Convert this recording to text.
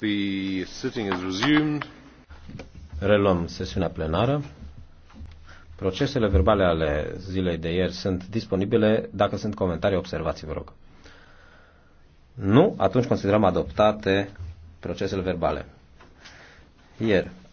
The sitting is resumed. Reluăm sesiunea plenară. Procesele verbale ale zilei de ieri sunt disponibile. Dacă sunt comentarii, observații, vă rog. Nu, atunci considerăm adoptate procesele verbale. Ieri,